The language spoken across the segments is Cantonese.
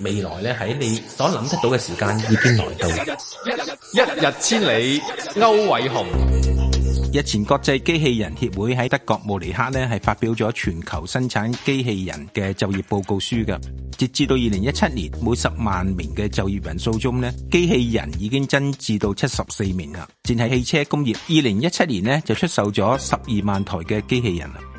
未來咧喺你所諗得到嘅時間已經來到，一日千里，區煒洪。日前國際機器人協會喺德國慕尼黑咧係發表咗全球生產機器人嘅就業報告書噶。截至到二零一七年，每十萬名嘅就業人數中呢，機器人已經增至到七十四名啦。淨係汽車工業，二零一七年呢就出售咗十二萬台嘅機器人。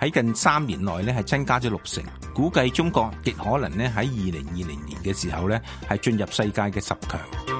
喺近三年內咧，係增加咗六成。估計中國極可能咧喺二零二零年嘅時候咧，係進入世界嘅十強。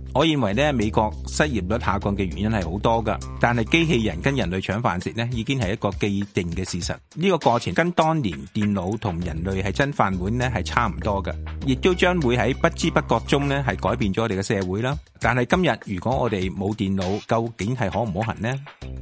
我認為咧，美國失業率下降嘅原因係好多噶，但係機器人跟人類搶飯食呢，已經係一個既定嘅事實。呢、這個過程跟當年電腦同人類係爭飯碗呢，係差唔多噶，亦都將會喺不知不覺中呢，係改變咗我哋嘅社會啦。但係今日如果我哋冇電腦，究竟係可唔可行呢？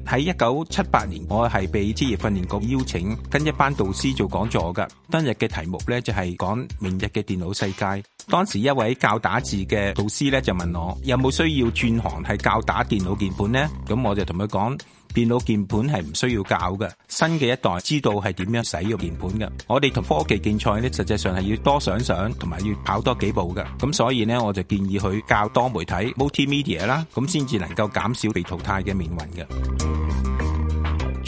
喺一九七八年，我係被職業訓練局邀請跟一班導師做講座嘅。當日嘅題目呢，就係講明日嘅電腦世界。當時一位教打字嘅導師呢，就問我：「有冇需要轉行係教打電腦鍵盤呢？」咁我就同佢講，電腦鍵盤係唔需要教嘅。新嘅一代知道係點樣使用鍵盤嘅。我哋同科技競賽呢，實際上係要多想想，同埋要跑多幾步嘅。咁所以呢，我就建議佢教多媒體 （multimedia） 啦，咁先至能夠減少被淘汰嘅命運嘅。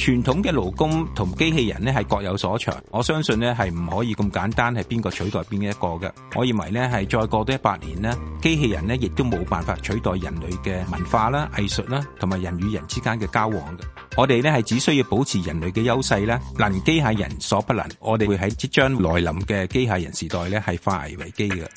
傳統嘅勞工同機器人咧係各有所長，我相信咧係唔可以咁簡單係邊個取代邊一個嘅。我認為咧係再過多一百年，呢機器人咧亦都冇辦法取代人類嘅文化啦、藝術啦，同埋人與人之間嘅交往嘅。我哋咧係只需要保持人類嘅優勢啦，能機械人所不能，我哋會喺即將來臨嘅機械人時代咧係化危為機嘅。